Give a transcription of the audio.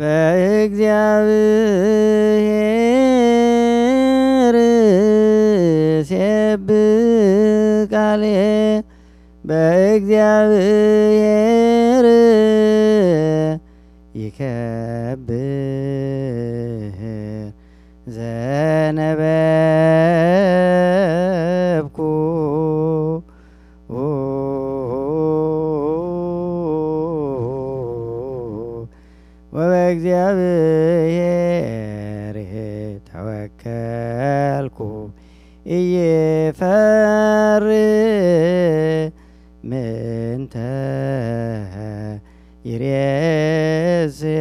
በእግዚአብሔር ሴብቃሌ በእግዚአብሔር ይከብር ዘነበብኩ ወበእግዚአብሔር ተወከልኩ እየፈር ምንተ ይሬስየ